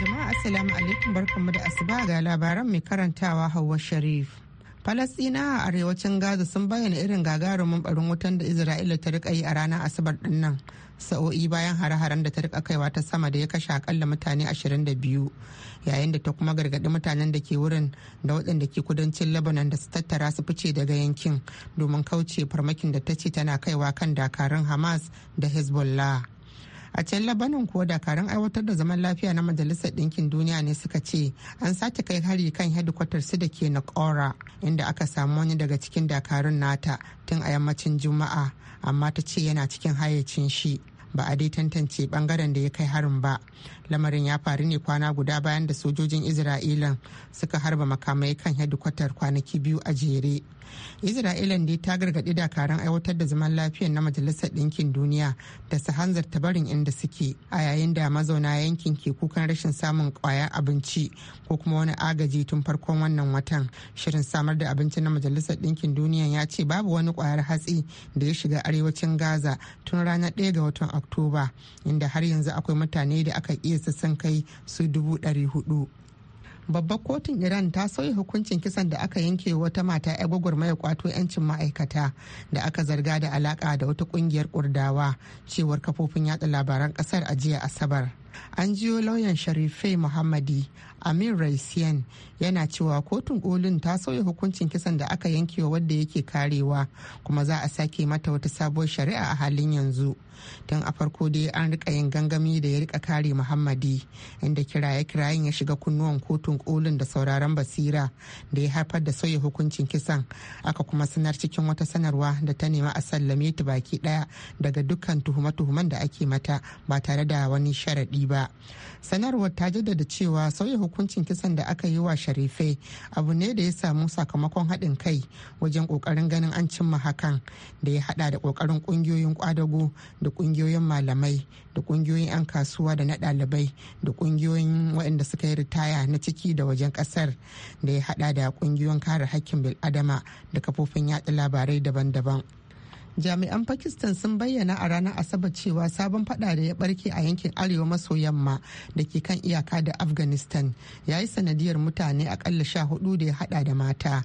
Jama'a Assalamu alaikum barkanmu da asuba ga labaran mai karantawa Hauwa Sharif. falastina a arewacin Gaza sun bayyana irin gagarumin barin wutan da Isra'ila ta rika yi a ranar Asabar din sa'o'i bayan hare-haren da ta rika kaiwa ta sama da ya kashe akalla mutane 22 yayin da ta kuma gargadi mutanen da ke wurin da waɗanda ke kudancin Lebanon da su tattara su fice daga yankin domin kauce farmakin da ta ce tana kaiwa kan dakarun Hamas da Hezbollah. a can labanin kuwa dakarun aiwatar da zaman lafiya na majalisar ɗinkin duniya ne suka ce an sake kai hari kan hedikwatar su da ke nakora inda aka samu wani daga cikin dakarun nata tun a yammacin juma'a amma ta ce yana cikin hayyacin shi ba a dai tantance bangaren da ya kai harin ba lamarin ya faru ne kwana guda bayan da sojojin isra'ilan suka harba makamai kan hedikwatar kwanaki biyu a jere isra'ila dai ta gargaɗi dakaran aiwatar da zaman lafiyar na majalisar ɗinkin duniya da su hanzarta barin inda suke a yayin da mazauna yankin ke kukan rashin samun ƙwayar abinci ko kuma wani agaji tun farkon wannan watan shirin samar da abinci na majalisar ɗinkin duniya ya ce babu wani ƙwayar hatsi da ya shiga arewacin gaza tun ranar ɗaya ga watan oktoba inda har yanzu akwai mutane da aka iya sun kai su dubu ɗari hudu babbar kotun iran ta sauya hukuncin kisan da aka yanke wata mata 'ya mai kwato 'yancin ma'aikata da aka zarga da alaka da wata kungiyar kurdawa cewar kafofin yada labaran kasar a jiya asabar an jiyo lauyan sharifai muhammadi amin raisiyan yana cewa kotun kolin ta sauya hukuncin kisan da aka yanke wadda yake karewa kuma za a sake mata wata sabuwar shari'a a halin yanzu tun a farko dai an rika yin gangami da ya rika kare muhammadi inda kiraye kirayen ya shiga kunnuwan kotun kolin da sauraron basira da ya haifar da sauya hukuncin kisan aka kuma sanar cikin wata sanarwa da ta nemi a sallame ta baki daya daga dukkan tuhume-tuhumen da ake mata ba tare da wani sharaɗi ba sanarwar ta jaddada cewa sauya hukuncin kisan da aka yi wa sharifai abu ne da ya samu sakamakon haɗin kai wajen ƙoƙarin ganin an cimma hakan da ya haɗa da ƙoƙarin ƙungiyoyin ƙwadago da kungiyoyin malamai da kungiyoyin 'yan kasuwa da na ɗalibai da kungiyoyin waɗanda suka yi ritaya na ciki da wajen ƙasar da ya haɗa da kungiyoyin kare hakkin bil'adama da kafofin yaɗa labarai daban-daban. jami'an pakistan sun bayyana a ranar asabar cewa sabon fada da ya barke a yankin arewa maso yamma da ke kan iyaka da afghanistan ya yi sanadiyar mutane akalla sha hudu da ya hada da mata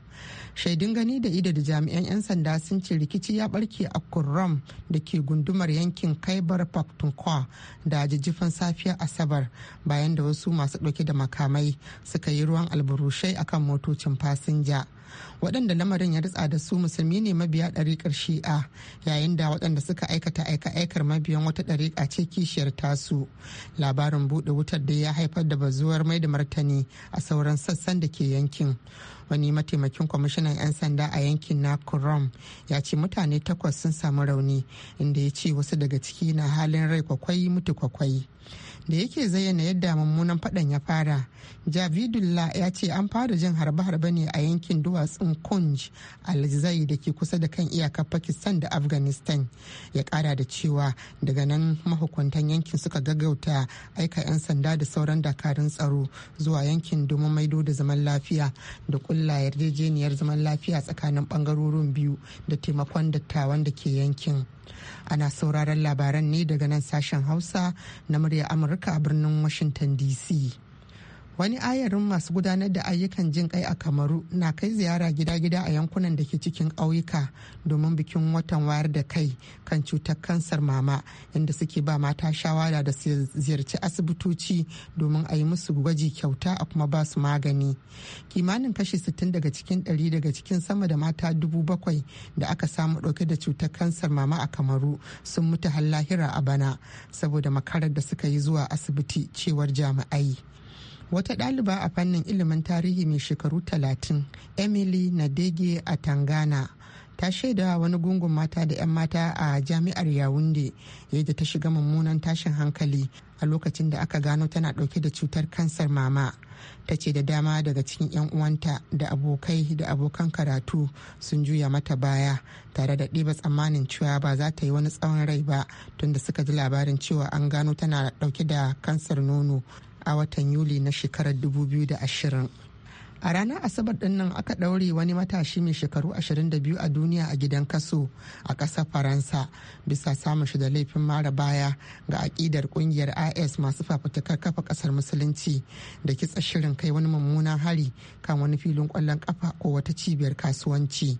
shaidun gani da ido da jami'an 'yan sanda sun ce rikici ya barke a kurram da ke gundumar yankin kaibar pakhtunkhwa da jijjifan safiya asabar bayan da wasu masu dauke da makamai suka yi ruwan alburushai akan motocin fasinja waɗanda lamarin ya ritsa da su musulmi ne mabiya ɗariƙar shi'a yayin da waɗanda suka aikata aika-aikar mabiyan wata ɗariƙa ce kishiyar tasu labarin buɗe wutar da ya haifar da bazuwar mai da martani a sauran sassan da ke yankin wani mataimakin kwamishinan 'yan sanda a yankin na kurom ya ce mutane takwas sun samu rauni inda ya ce wasu daga ciki na halin rai kwakwai mutu kwakwai da yake zayyana yadda mummunan fadan ya fara javidullah ya ce an fara jin harbe-harbe ne a yankin duwatsun kunj alzai da ke kusa da kan iyakar pakistan da afghanistan ya kara da cewa daga nan mahukuntan yankin suka gaggauta aika 'yan sanda da sauran dakarun tsaro zuwa yankin domin maido da zaman lafiya da kulla yarjejeniyar zaman lafiya tsakanin bangarorin biyu da taimakon dattawan da ke yankin ana sauraron labaran ne daga nan sashen hausa na murya amurka a birnin washinton dc wani ayarin masu gudanar da ayyukan jin kai a kamaru na kai ziyara gida-gida a yankunan da ke cikin ƙauyuka domin bikin watan wayar da kai kan cutar kansar mama inda suke ba mata shawara da su ziyarci asibitoci domin a yi musu gwaji kyauta a kuma ba su magani kimanin kashi 60 daga cikin 100 daga cikin sama da mata 7,000 da aka samu ɗauke da cutar kansar mama a kamaru sun mutu har lahira a bana saboda makarar da suka yi zuwa asibiti cewar jami'ai wata ɗaliba a fannin ilimin tarihi mai shekaru 30 emily nadege a tangana ta shaida wani gungun mata da 'yan mata a jami'ar yawunde yadda ta shiga mummunan tashin hankali a lokacin da aka gano tana ɗauke da cutar kansar mama ta ce da dama daga cikin 'yan uwanta da abokai da abokan karatu sun juya mata baya tare da ɗiba tsammanin cewa ba za ta yi wani tsawon rai ba tunda suka ji labarin cewa an gano tana ɗauke da kansar nono a watan yuli na shekarar 2020 a ranar asabar dinnan aka ɗaure wani matashi mai shekaru 22 a duniya a gidan kaso a ƙasar faransa bisa samun shi da laifin mara baya ga aƙidar ƙungiyar is masu fafutukar kafa ƙasar musulunci da kitsa shirin kai wani mummunan hari kan wani filin ƙwallon ƙafa ko wata cibiyar kasuwanci.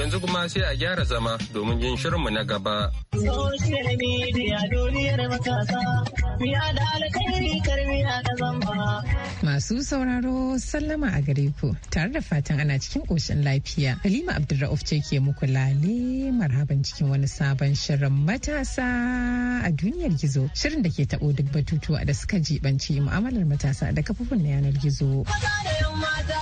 Yanzu kuma sai a gyara zama domin yin shirinmu na gaba. Masu sauraro sallama a gare ku tare da fatan ana cikin ƙoshin lafiya. Halima Abdulra'uf ce ke muku lale marhaban cikin wani sabon shirin matasa a duniyar gizo. Shirin da ke taɓo duk batutuwa da suka jibanci mu'amalar matasa da kafofin na yanar gizo. Maza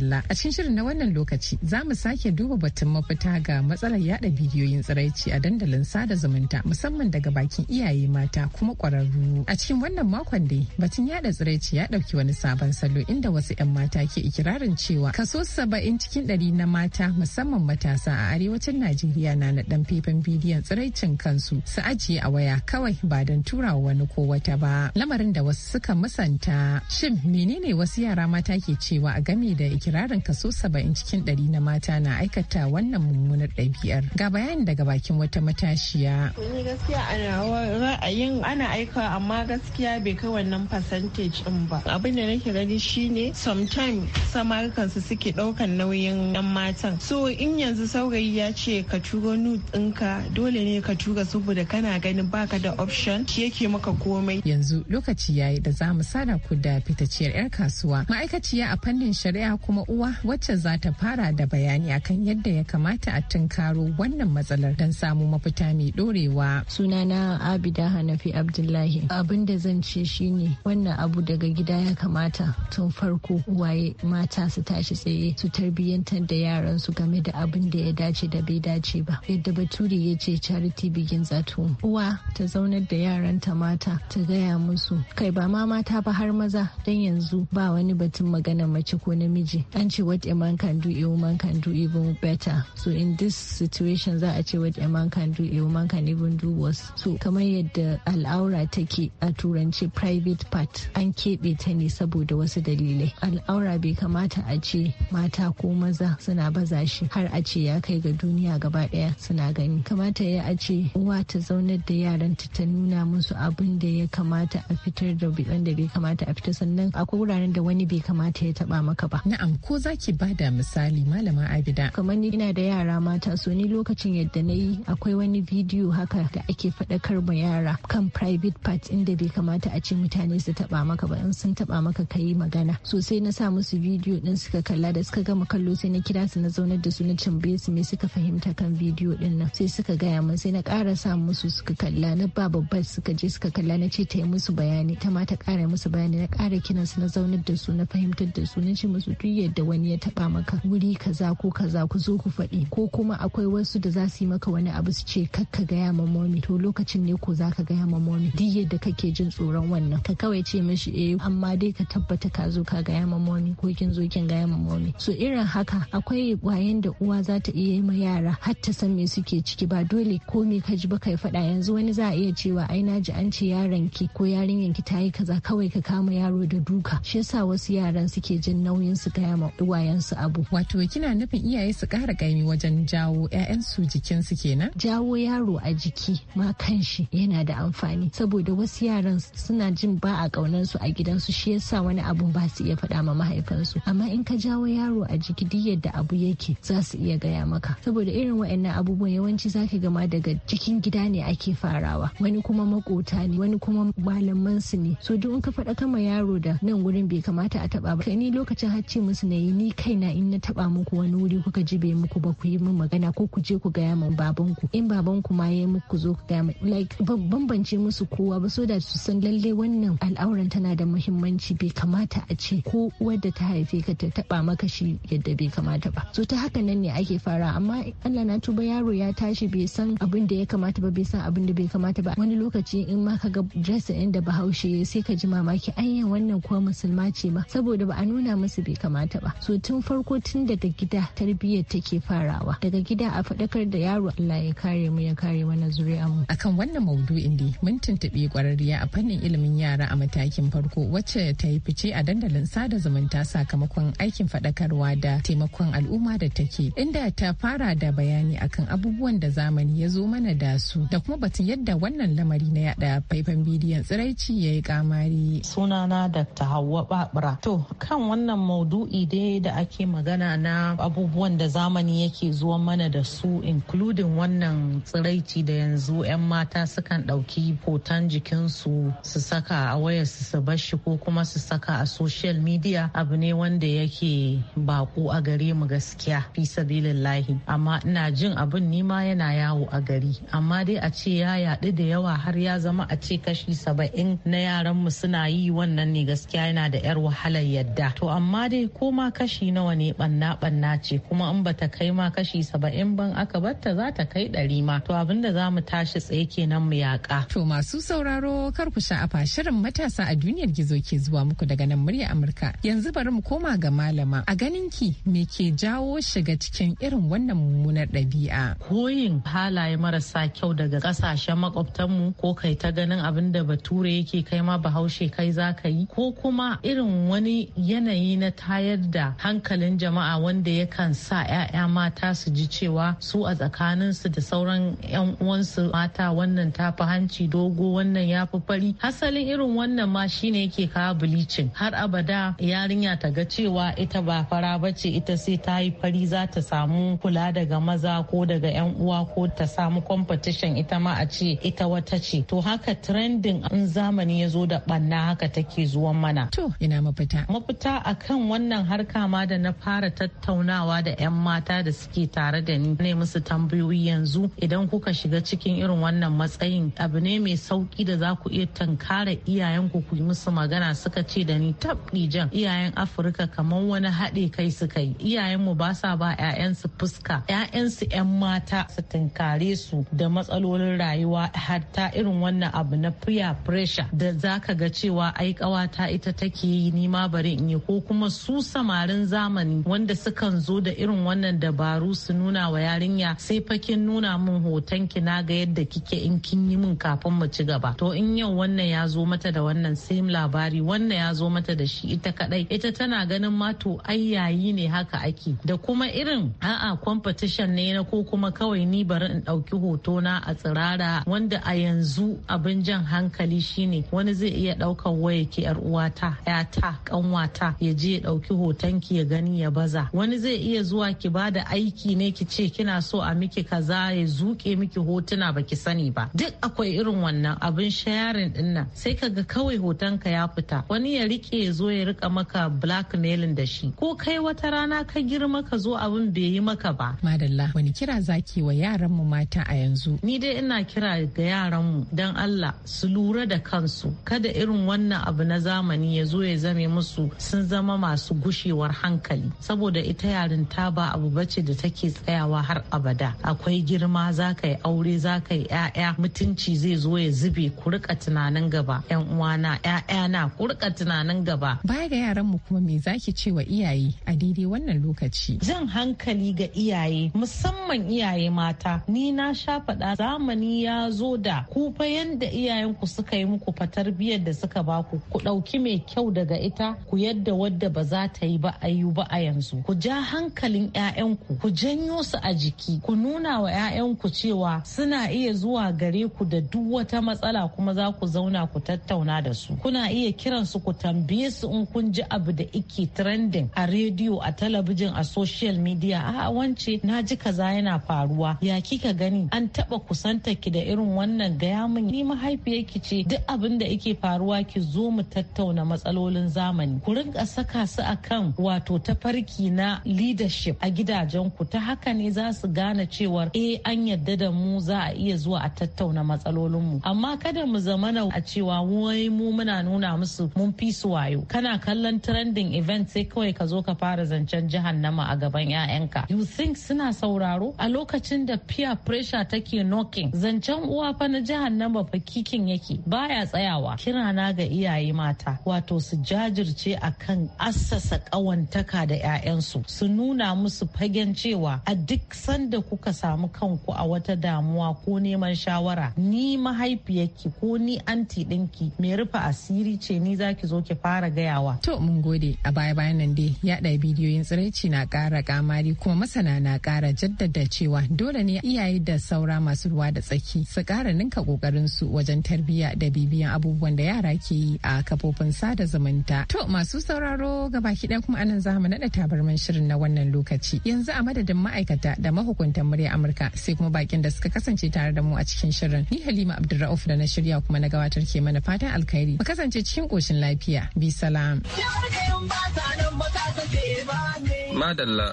madalla. A cikin shirin na wannan lokaci za mu sake duba batun mafita ga matsalar yada bidiyoyin tsiraici a dandalin sada zumunta musamman daga bakin iyaye mata kuma kwararru. A cikin wannan makon dai batun yada tsiraici ya dauki wani sabon salo inda wasu 'yan mata ke ikirarin cewa kaso saba'in cikin ɗari na mata musamman matasa a arewacin Najeriya na naɗan faifan bidiyon tsiraicin kansu su ajiye a waya kawai ba don turawa wani ko wata ba. Lamarin da wasu suka musanta shin menene wasu yara mata ke cewa a game da kirarin kaso 70 cikin 100 na mata na aikata wannan mummunar ɗabi'ar. Ga bayani daga bakin wata matashiya. Ni gaskiya ana ra'ayin ana aika amma gaskiya bai kai wannan percentage din ba. Abin da nake gani shine sometime samar kansu suke ɗaukan nauyin 'yan matan. So in yanzu saurayi ya ce ka turo nude ɗinka dole ne ka tura saboda kana ganin baka da option shi yake maka komai. Yanzu lokaci yayi da za mu sada ku da fitacciyar 'yar kasuwa ma'aikaciya a fannin shari'a kuma kuma uwa wacce za ta fara da bayani akan yadda ya kamata a tunkaro wannan matsalar don samu mafita mai dorewa. Sunana Abida Hanafi Abdullahi. Abin da zan ce shine wannan abu daga gida ya kamata tun farko waye mata su tashi tsaye su tarbiyyantar da yaran su game da abin da ya dace da bai dace ba. Yadda Bature ya ce charity begins zato Uwa ta zaunar da yaran ta mata ta gaya musu kai ba ma mata ba har maza don yanzu ba wani batun magana mace ko namiji an ce what a man can do a woman can do even better so in this situation za a ce what a man can do a woman can even do worse so kamar yadda al'aura take a turanci private part an keɓe ta ne saboda wasu dalilai al'aura bai kamata a ce mata ko maza suna baza shi har a ce ya kai ga duniya gaba ɗaya suna gani kamata ya a ce uwa ta zaunar da yaranta ta nuna musu abin da ya kamata a fitar da wanda bai kamata a fitar sannan akwai wuraren da wani bai kamata ya taba maka ba na'am ko za ki da misali malama abida kamar ni ina da yara mata so ni lokacin yadda na yi akwai wani bidiyo haka da ake faɗakar ma yara kan private part inda bai kamata a ce mutane su taba maka ba in sun taba maka ka yi magana sosai sai na sa musu bidiyo din suka kalla da suka gama kallo sai na kira su na zaunar da su na tambaye su me suka fahimta kan bidiyo din nan sai suka gaya min sai na ƙara sa musu suka kalla na ba babbar suka je suka kalla na ce ta yi musu bayani ta ma ta ƙara musu bayani na ƙara kiransu na zaunar da su na fahimtar da su na ce musu duk yadda wani ya taba maka wuri kaza ko kaza ku zo ku faɗi ko kuma akwai wasu da za su yi maka wani abu su ce kakka gaya ma momi to lokacin ne ko za ka gaya ma momi duk yadda kake jin tsoron wannan ka kawai ce mishi eh amma dai ka tabbata ka zo ka gaya ma momi ko kin zo kin gaya ma momi so irin haka akwai wayan da uwa za ta iya yi ma yara har ta san me suke ciki ba dole ko me ka ji ba kai faɗa yanzu wani za a iya cewa ai na ji an ce yaron ki ko yarinyan ki ta yi kaza kawai ka kama yaro da duka shi yasa wasu yaran suke jin nauyin su ga koya ma uwayensu abu wato kina nufin iyaye su ƙara ƙaimi wajen jawo 'ya'yansu jikinsu kenan jawo yaro a jiki ma kanshi yana da amfani saboda wasu yaran suna jin ba a ƙaunar su a gidansu shi yasa wani abu ba su iya faɗa ma mahaifansu amma in ka jawo yaro a jiki duk yadda abu yake za su iya gaya maka saboda irin waɗannan abubuwan yawanci zaki gama daga cikin gida ne ake farawa wani kuma makota ne wani kuma malamansu ne so duk in ka faɗa kama yaro da nan wurin bai kamata a taɓa ba ni lokacin hacci musu na yi ni na in na taba muku wani wuri kuka jibe muku ba ku yi min magana ko ku je ku gaya min babanku in babanku ma ya yi muku zo ku gaya min like bambance musu kowa ba so da su san lalle wannan al'auran tana da muhimmanci bai kamata a ce ko wadda ta haife ka ta taba maka shi yadda bai kamata ba so ta haka nan ne ake fara amma Allah na tuba yaro ya tashi bai san abin da ya kamata ba bai san abin da bai kamata ba wani lokaci in ma ka ga dress inda da bahaushe sai ka ji mamaki anya wannan kuwa musulma ce ma saboda ba a nuna musu bai kamata kamata ba so tun farko tun daga gida tarbiyyar take farawa daga gida a faɗakar da yaro Allah ya kare mu ya kare mana zuri'a mu. akan wannan maudu'in dai mun tuntubi kwararriya a fannin ilimin yara a matakin farko wacce ta yi fice a dandalin sada zumunta sakamakon aikin faɗakarwa da taimakon al'umma da take inda ta fara da bayani akan abubuwan da zamani ya zo mana da su da kuma batun yadda wannan lamari na yada faifan bidiyon tsiraici ya yi kamari sunana da dr hawa babura to kan wannan maudu'i maudu'i dai da ake magana na abubuwan da zamani yake zuwa mana da su including wannan tsiraici da yanzu 'yan mata sukan ɗauki hoton jikinsu su saka a wayar su su bashi ko kuma su saka a social media abu ne wanda yake bako a gare mu gaskiya fi sabilillahi amma ina jin abin nima yana yawo a gari amma dai a ce ya yaɗu da yawa har ya zama a ce kashi saba'in na yaran mu suna yi wannan ne gaskiya yana da 'yar wahalar yadda to amma dai ko ko ma kashi nawa ne banna banna ce kuma in bata kai ma kashi saba'in ban aka batta za ta kai ɗari ma to abin da za mu tashi tsaye kenan mu yaƙa. To masu sauraro kar ku sha'afa shirin matasa a duniyar gizo ke zuwa muku daga nan murya Amurka yanzu bari mu koma ga malama a ganin ki me ke jawo shiga cikin irin wannan mummunar ɗabi'a. Koyin halaye marasa kyau daga ƙasashen mu ko kai ta ganin abin da bature yake kai ma bahaushe kai za ka yi ko kuma irin wani yanayi na tayar mayar da hankalin jama'a wanda yakan sa 'ya'ya mata su ji cewa su a tsakaninsu da sauran 'yan uwansu mata wannan ta fi hanci dogo wannan ya fi fari hasalin irin wannan ma shine yake kawo bilicin har abada yarinya ta ga cewa ita ba fara ba ce ita sai ta yi fari za ta samu kula daga maza ko daga 'yan uwa ko ta samu competition ita ma a ce ita wata ce to haka trending in zamani ya zo da banna haka take zuwan mana to ina mafita mafita akan wannan har kama da na fara tattaunawa da 'yan mata da suke tare da ni ne musu tambayoyi yanzu idan kuka shiga cikin irin wannan matsayin abu ne mai sauki da za ku iya tankara iyayen ku yi musu magana suka ce da ni tab'i jan iyayen afirka kamar wani haɗe kai suka yi iyayen mu ba sa ba 'ya'yansu fuska 'ya'yansu 'yan mata su tankare su da matsalolin rayuwa hatta irin wannan abu na peer pressure da zaka ga cewa ai kawata ita take yi ni ma bari in yi ko kuma su samarin zamani wanda sukan zo da irin wannan dabaru su nuna wa yarinya sai fakin nuna min hoton ki na ga yadda kike in kin yi min kafin mu ci gaba to in yau wannan ya zo mata da wannan same labari wannan ya zo mata da shi ita kadai ita tana ganin ma to ayyayi ne haka ake da kuma irin a'a competition ne na ko kuma kawai ni bari in dauki hotona a tsirara wanda a yanzu abin jan hankali shine wani zai iya daukar waya ki yar uwata yata kanwata ya je ya dauki wasu hoton ki ya gani ya baza wani zai iya zuwa ki ba da aiki ne ki ce kina so a miki kaza ya zuke miki hotuna baki sani ba duk akwai irin wannan abin sharing din nan sai kaga kawai hoton ka ya fita wani ya rike ya zo ya rika maka blackmailing da shi ko kai wata rana ka girma ka zo abin bai yi maka ba madalla wani kira zaki wa yaran mu mata a yanzu ni dai ina kira ga yaran mu dan Allah su lura da kansu kada irin wannan abu na zamani ya zo ya zame musu sun zama masu gushewar hankali saboda ita ta ba abu bace da take tsayawa har abada akwai girma za ka yi aure za ka yi 'ya'ya mutunci zai zo ya zube ku rika tunanin gaba yan uwana na ku rika tunanin gaba baya ga yaran mu kuma me zaki ce wa iyaye a daidai wannan lokaci zan hankali ga iyaye musamman iyaye mata ni na sha faɗa zamani ya zo da ku fa yanda iyayenku suka yi muku fatar biyar da suka baku ku ɗauki mai kyau daga ita ku yadda wadda ba za ta yi ba a yi ba a yanzu ku ja hankalin 'ya'yanku ku janyo su a jiki ku nuna wa 'ya'yanku cewa suna iya zuwa gare ku da duk wata matsala kuma za ku zauna ku tattauna da su kuna iya kiran su ku tambaye su in kun ji abu da ike trending a rediyo a talabijin a social media a wance na ji kaza yana faruwa ya kika gani an taba kusantar ki da irin wannan gaya min ni mahaifiyarki ce duk abin da yake faruwa ki zo mu tattauna matsalolin zamani ku rinka saka su a kan wato ta farki na leadership a gidajenku ta haka ne za su gane cewar eh an yadda da mu za a iya zuwa a tattauna matsalolinmu amma kada mu zamana a cewa wai mu muna nuna musu mun fi su wayo kana kallon trending event sai kawai ka zo ka fara zancen nama a gaban 'ya'yanka you think suna sauraro a lokacin da peer pressure take knocking zancen uwa fa na nama fa kikin yake baya tsayawa kirana ga iyaye mata wato su jajirce akan assasa rasa ƙawantaka da 'ya'yansu su nuna musu fagen cewa a duk sanda kuka samu kanku a wata damuwa ko neman shawara ni mahaifiyarki ko ni anti ɗinki mai rufe asiri ce ni zaki zo ki fara gayawa. To mun gode a baya bayan nan dai yaɗa bidiyoyin tsiraici na ƙara kamari kuma masana na kara jaddada cewa dole ne iyaye da saura masu ruwa da tsaki su ƙara ninka kokarin su wajen tarbiyya da bibiyan abubuwan da yara ke yi a kafofin sada zumunta. To masu sauraro gabaki baki ɗaya kuma anan zamu naɗa tabarman shirin na wannan lokaci yanzu a madadin ma'aikata da mahukuntan murya amurka sai kuma bakin da suka kasance tare da mu a cikin shirin ni halima abdulra'uf da na shirya kuma na gabatar ke mana fatan alkhairi mu kasance cikin koshin lafiya bi salam madalla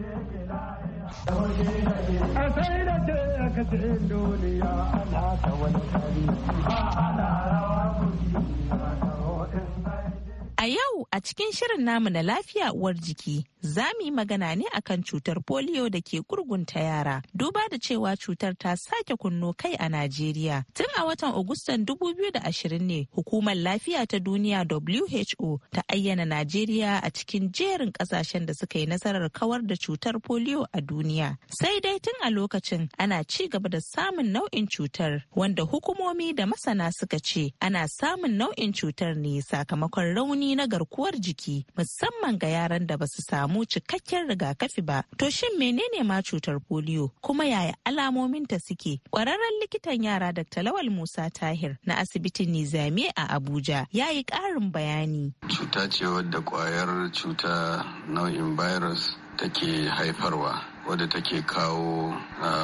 ana rawa A yau a cikin shirin namu na lafiya uwar jiki za mu yi magana ne akan cutar polio da ke gurgunta yara duba da cewa cutar ta sake kunno kai a Najeriya. Tun a watan Agustan 2020 ne hukumar lafiya ta duniya WHO ta ayyana Najeriya a cikin jerin kasashen da suka yi nasarar kawar da cutar polio a duniya. Sai dai tun a lokacin ana ci gaba da samun nau'in cutar wanda hukumomi da masana suka ce ana samun nau'in cutar ne sakamakon rauni na garkuwar jiki musamman ga yaran da ba su samu cikakken rigakafi ba. To shin menene ma cutar polio kuma yaya alamomin ta suke? Kwararren likitan yara da talawal Musa Tahir na asibitin Nizami a Abuja ya yi ƙarin bayani. Cuta ce wadda kwayar cuta nau'in virus take haifarwa wadda take kawo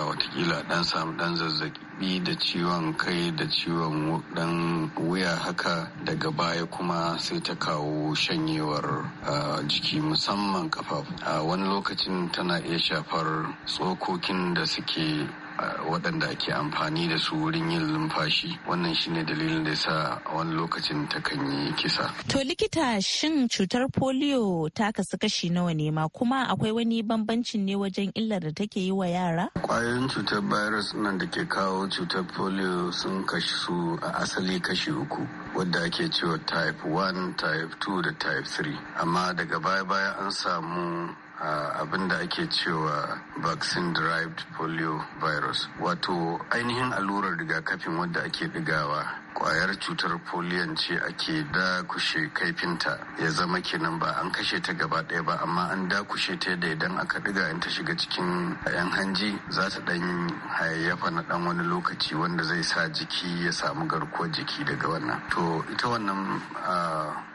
watakila dan samu dan zazzabi da ciwon kai da ciwon dan wuya haka daga baya kuma sai ta kawo shanyewar jiki musamman kafafu a wani lokacin tana iya shafar tsokokin da suke waɗanda ake amfani da su wurin yin lumfashi wannan shine dalilin da sa wani lokacin ta kan yi kisa. To likita shin cutar polio ta kasu kashi nawa ne ma kuma akwai wani bambancin ne wajen illar da take yi wa yara? Kwayoyin cutar virus nan da ke kawo cutar polio sun kashi su a asali kashi uku wadda ake cewa type 1, type 2 da type 3 amma daga baya-baya an samu abin da ake cewa vaccine derived polio virus wato ainihin allurar rigakafin wadda ake digawa kwayar cutar polio ce ake dakushe kaifinta ya zama kenan ba an kashe ta gaba ɗaya ba amma an dakushe ta da idan aka diga in ta shiga cikin yan hanji za ta ɗan hayayyafa na ɗan wani lokaci wanda zai sa jiki ya samu garkuwar jiki daga wannan to ita wannan ah,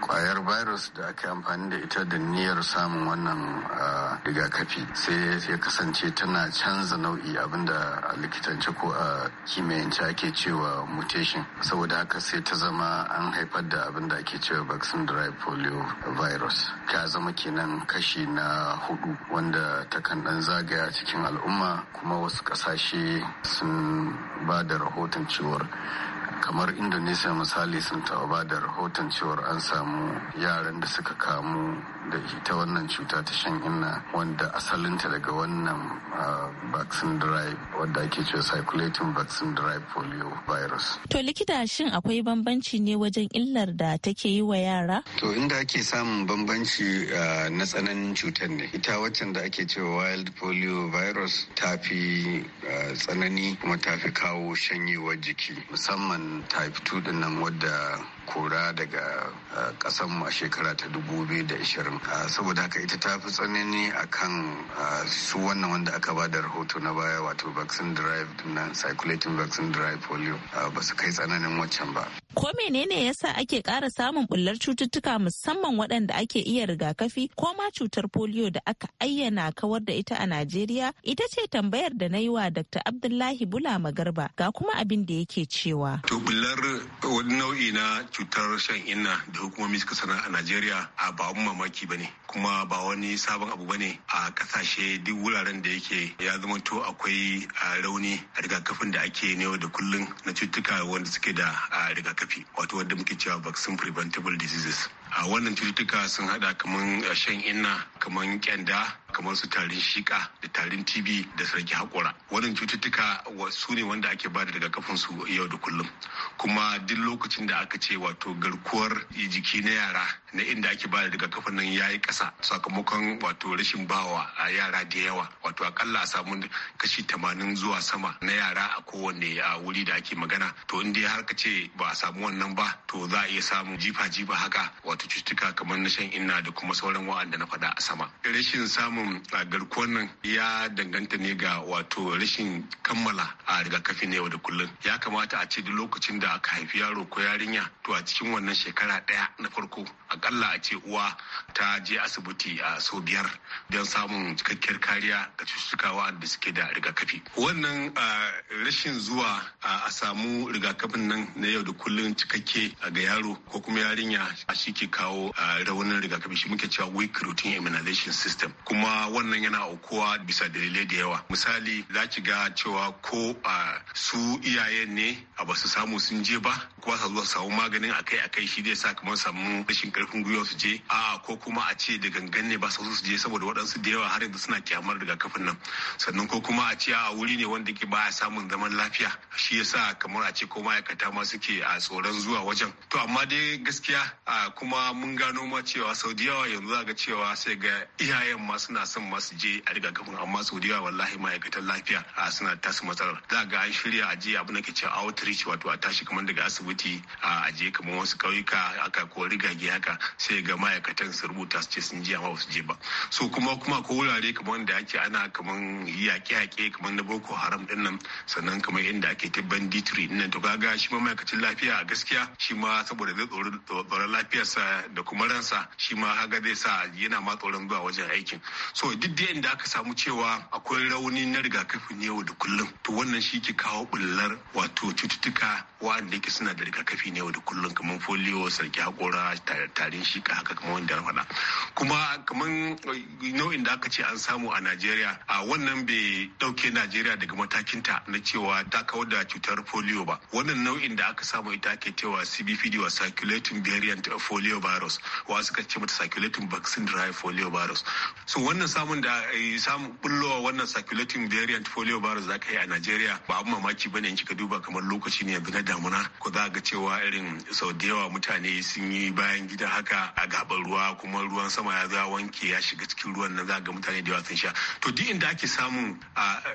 kwayar virus da aka amfani da ita da niyyar samun wannan rigakafi sai ya kasance tana canza nau'i abinda a likitance ko a kimiyyance ake cewa mutation saboda haka sai ta zama an haifar da abinda ake cewa vaccine drive polio virus ta zama kenan kashi na hudu wanda takan dan zagaya cikin al'umma kuma wasu kasashe sun ba da rahoton cewar kamar indonesia misali sun taɓa ba da rahoton cewar an samu yaran da suka kamu da ita wannan cuta ta shan inna wanda asalinta daga wannan ah, vaccine drive wadda ake cewa circulating vaccine drive polio virus to likita shin akwai bambanci ne wajen illar da take yi wa yara to inda ake samun bambanci ah, na tsananin cutar ne ita waccan da ake cewa wild polio virus ta fi ah, tsanani kuma ta fi kawo shanyewar jiki musamman type 2 din nan wadda kora daga kasan eh, a shekara ta 2020 ah, saboda haka ita ta fi tsanani kan ah, su wannan wanda aka ba da rahoto na baya wato vaccine drive na circulating vaccine drive polio ah, ba su kai tsananin waccan ba ko menene yasa ake ƙara samun bullar cututtuka musamman waɗanda ake iya rigakafi ko ma cutar polio da aka ayyana kawar da ita a najeriya ita ce tambayar da na yi wa dr abdullahi bula magarba ga kuma abin da yake cewa to bullar nau'i na cutar shan inna da hukumomi suka sana a Najeriya a ba mamaki ba ne kuma ba wani sabon abu ba ne a kasashe duk wuraren da yake ya zama to akwai rauni a rigakafin da ake ne da kullum na cutuka wanda suke da rigakafi wato wanda muke cewa vaccine preventable diseases a wannan cututtuka sun hada kamar eh, shan inna kamar kyanda kamar su tarin shika da tarin tb da sarki hakora wannan cututtuka su ne wanda ake bada daga kafin su yau da kullum kuma duk lokacin da aka ce wato garkuwar jiki na yara na inda ake bada daga kafin nan ya yi kasa sakamakon wato rashin bawa a yara da yawa wato akalla a samu kashi tamanin zuwa sama na yara a kowanne a wuri da ake magana to in dai har ka ce ba a samu wannan ba to za a iya samun jifa jifa haka wata cututtuka kamar na shan inna da kuma sauran wa'anda na faɗa a sama rashin samun garkuwar nan ya danganta ne ga wato rashin kammala a rigakafi na yau da kullum ya kamata a ce duk lokacin da aka haifi yaro ko yarinya to a cikin wannan shekara ɗaya na farko akalla a ce uwa ta je asibiti a so biyar don samun cikakkiyar kariya ga cututtuka wa'anda suke da rigakafi wannan rashin zuwa a samu rigakafin nan na yau da kullum cikakke ga yaro ko kuma yarinya a shi ke kawo a raunin rigakafi shi muke cewa weak routine immunization system kuma wannan yana aukuwa bisa dalilai da yawa misali za ki ga cewa ko a su iyayen ne a basu samu sun je ba kuma sa zuwa samu maganin akai-akai shi zai sa kamar samu rashin karfin gwiwa su je a ko kuma a ce da gangan ne ba su su je saboda waɗansu da yawa har yanzu suna kyamar rigakafin nan sannan ko kuma a ce a wuri ne wanda ke baya samun zaman lafiya shi yasa kamar a ce ko ma'aikata ma suke a tsoron zuwa wajen to amma dai gaskiya kuma kuma mun gano ma cewa sau yawa yanzu za ga cewa sai ga iyayen ma suna son masu je a rigakafin amma sau da yawa wallahi ma'aikatan lafiya a suna tasu matsalar za ga an shirya a je abin da ke ce outreach wato a tashi kamar daga asibiti a je kamar wasu ƙauyuka aka ko rigage haka sai ga ma'aikatan su rubuta su ce sun je amma su je ba so kuma kuma ko wurare kamar da ake ana kamar yaƙe-yaƙe kamar na boko haram din nan sannan kamar inda ake ta banditry din nan to kaga shi ma ma'aikacin lafiya a gaskiya shi ma saboda zai tsoron lafiyarsa da kuma ransa shi ma haga zai sa yana ma tsoron zuwa wajen aikin so duk da inda aka samu cewa akwai rauni na rigakafin yau da kullum to wannan shi ke kawo bullar wato cututtuka wanda yake suna da rigakafi ne yau da kullum kamar folio sarki hakora tarin ka haka kamar wanda faɗa kuma kamar eh, nau'in da aka ce an samu a najeriya a wannan bai ɗauke najeriya daga matakinta na cewa ta kawar da cutar folio ba wannan nau'in da aka samu ita ake cewa cbpd wa circulating variant of folio poliovirus wa suka ce mata circulating vaccine drive poliovirus so wannan samun da eh, samun bullowa wannan circulating variant poliovirus da aka yi a Najeriya ba abu mamaki bane in kika duba kamar lokaci ne yanzu na damuna ko za ga cewa irin sau da yawa mutane sun yi bayan gida haka a gaban ruwa kuma ruwan sama ya za wanke ya shiga cikin ruwan nan za ga mutane da yawa sun sha to duk inda ake samun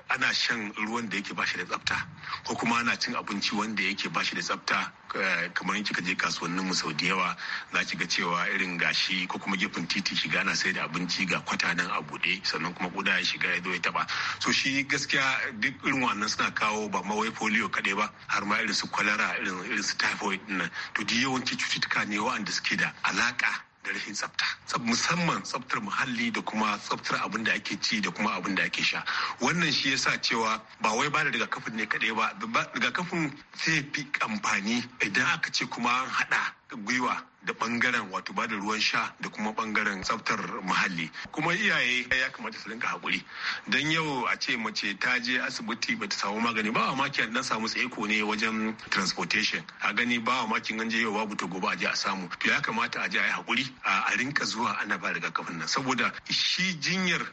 ana shan ruwan da yake ba shi da tsafta ko kuma ana cin abinci wanda yake ba shi da tsafta Eh, kamar kika je kasuwannin mu sau da yawa za ki ga cewa irin gashi ko kuma gefen titi shiga na sai da abinci ga kwata nan a bude sannan kuma kuda ya shiga ya zo ya taba so shi gaskiya duk irin wannan suna kawo ba mawai wai polio kaɗai ba har ma irin su kwalara irin su typhoid nan to duk yawanci cututtuka ne wa'anda suke da alaka da rashin tsafta musamman tsaftar muhalli da kuma tsaftar abin da ake ci da kuma abin da ake sha wannan shi yasa cewa ba wai ba da rigakafin ne kadai ba rigakafin zai fi amfani idan aka ce kuma an hada gwiwa da bangaren wato ba da ruwan sha da kuma bangaren tsaftar muhalli kuma iyaye ya kamata su rinka haƙuri don yau a ce mace ta je asibiti ba ta samu magani ba wa dan samu tsaiko ne wajen transportation a gani ba wa makin an je yau babu to gobe a je a samu to ya kamata a je a yi haƙuri a rinka zuwa ana ba rigakafin nan saboda shi jinyar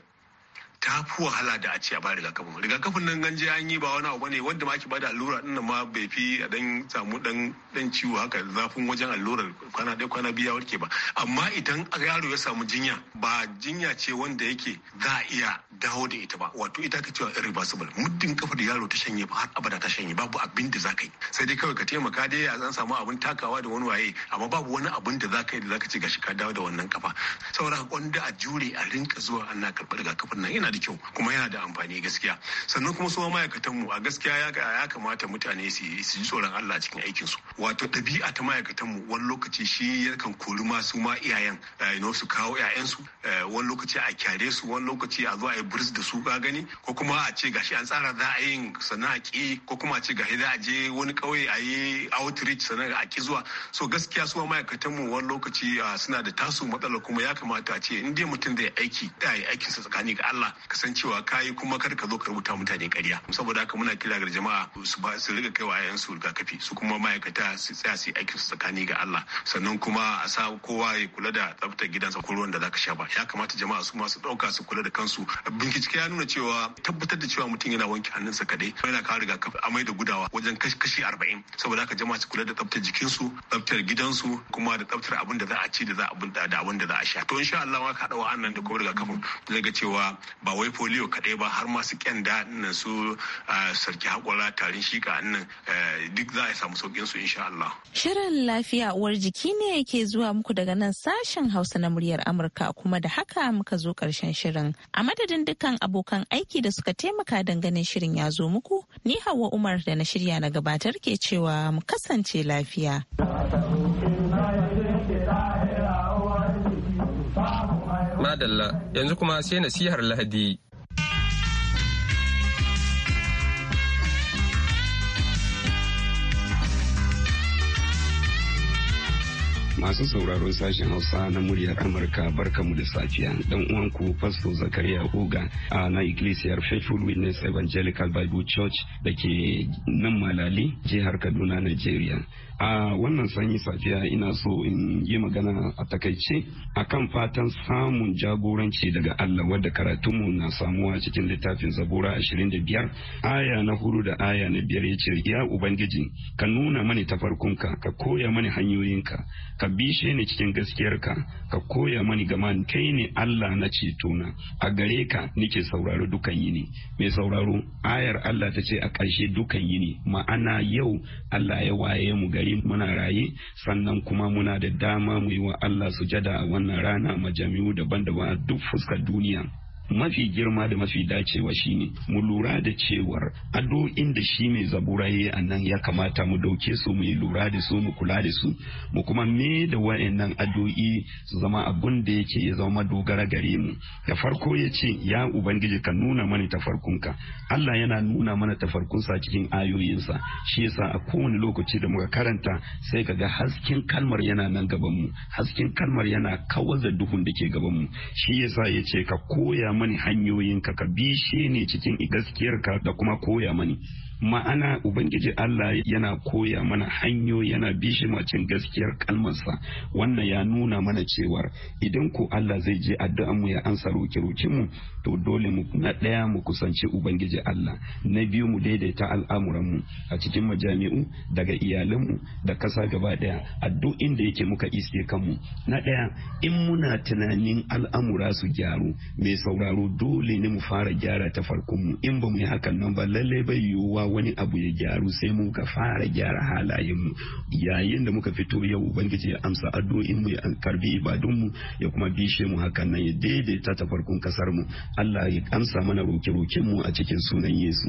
ta fi wahala da a ce a ba rigakafin rigakafin nan ganje an yi ba wani abu ne wanda ma ki bada allura din nan ma bai fi a dan samu dan dan ciwo haka zafin wajen allurar kwana ɗaya kwana biya warke ba amma idan yaro ya samu jinya ba jinya ce wanda yake za a iya dawo da ita ba wato ita ka cewa irreversible muddin kafar yaro ta shanye ba har abada ta shanye babu abin da za ka yi sai dai kawai ka taimaka dai a zan samu abin takawa da wani waye amma babu wani abin da za ka yi da za ka ce gashi ka dawo da wannan kafa saboda wanda a jure a rinka zuwa ana karɓar rigakafin nan da kyau kuma yana da amfani gaskiya sannan kuma su ma'aikatan mu a gaskiya ya kamata mutane su ji tsoron Allah cikin aikin su wato ɗabi'a ta ma'aikatan mu wani lokaci shi yakan kori ma su ma iyayen ina eh, su kawo iyayen su eh, wani lokaci a kyare su wani lokaci a zo a yi buris da su ka gani ko kuma a ce gashi an tsara za a yin sannan a ki ko kuma a ce gashi za a je wani ƙauye a yi outreach sannan a ki zuwa so gaskiya su ma'aikatan mu wani lokaci ah, suna da tasu matsala kuma ya kamata a ce in dai mutum zai aiki da ya sa tsakani ga Allah kasancewa kayi kuma kar ka zo ka rubuta mutane ƙarya saboda haka muna kira ga jama'a su ba su riga kai wa rigakafi su kuma ma'aikata su tsaya su yi aikin su tsakani ga Allah sannan kuma a sa kowa ya kula da tsaftar gidansa ko ruwan da zaka sha ba ya kamata jama'a su ma su ɗauka su kula da kansu bincike ya nuna cewa tabbatar da cewa mutum yana wanke hannunsa kadai yana kawo rigakafi a da gudawa wajen kashi arba'in saboda haka jama'a su kula da tsaftar jikinsu tsaftar gidansu kuma da tsaftar abin da za a ci da abin da za a sha to insha Allah ka a wa'annan da kuma rigakafin zai ga cewa ba ba wai polio kaɗai ba har masu kyanda nan su sarki haƙura tarin shika nan duk za a samu saukin su insha Allah. Shirin lafiya uwar jiki ne yake zuwa muku daga nan sashen Hausa na muryar Amurka kuma da haka muka zo karshen shirin. A madadin dukkan abokan aiki da suka taimaka ganin shirin ya zo muku, ni Hauwa Umar da na shirya na gabatar ke cewa mu kasance lafiya. yanzu kuma sai nasihar lahadi. masu sauraron sashen hausa na muryar amurka barkamu da safiya dan uwanku fasto zakariya oga a na iglesiyar faithful witness evangelical bible church da ke nan malali jihar kaduna nigeria a wannan sanyi safiya ina so in yi magana a takaice akan fatan samun jagoranci daga Allah wadda karatunmu na samuwa cikin littafin zabura 25 aya na huru da aya na biyar ya ce ya ubangiji ka nuna mani tafarkunka ka koya mani hanyoyinka ka bishe ni cikin gaskiyarka ka koya mani gama kai ne Allah na cetona a gare ka nike sauraro dukan yini mai sauraro ayar Allah ta ce a ƙarshe dukan yini ma'ana yau Allah ya waye mu gare muna raye sannan kuma muna da dama mu yi wa Allah sujada a wannan rana majami'u daban-daban a duk fuskar duniya mafi girma da mafi dacewa shine mu lura da cewar ado'in da shi mai zabura a annan ya kamata mu dauke su mu lura da su mu kula da su mu kuma me da nan adoi su zama abun da yake ya zama dogara gare mu da farko ya ce ya ubangiji ka nuna mana tafarkunka Allah yana nuna mana tafarkunsa cikin ayoyinsa shi yasa a kowane lokaci da muka karanta sai kaga hasken kalmar yana nan gaban mu hasken kalmar yana kawar da duhun da ke gaban mu shi yasa ya ce ka koya mani hanyoyinka ka bishe ne cikin gaskiyarka da kuma koya mani ma'ana ubangiji Allah yana koya mana hanyo yana bishi macin gaskiyar kalmarsa wannan ya nuna mana cewar idan ko Allah zai je addu'an mu ya ansa roke mu to dole mu na ɗaya mu kusanci ubangiji Allah na biyu mu daidaita al'amuran mu a cikin majami'u daga iyalan mu da kasa gaba ɗaya addu'in da yake muka iske kanmu na ɗaya in muna tunanin al'amura su gyaru mai sauraro dole ne mu fara gyara ta farkon mu in ba mu yi hakan nan ba lallai bai yiwuwa wani abu ya gyaru sai mun ka fara gyara halayenmu yayin da muka fito yau ubangiji ya amsa addu'o'in mu ya karbi ibadun mu ya kuma bishe mu hakan nan ya daidaita ta farkon kasar mu Allah ya amsa mana roke-roken mu a cikin sunan Yesu.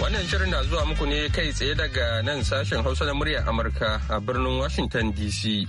Wannan shirin na zuwa muku ne kai tsaye daga nan sashen Hausa na muryar Amurka a birnin Washington DC.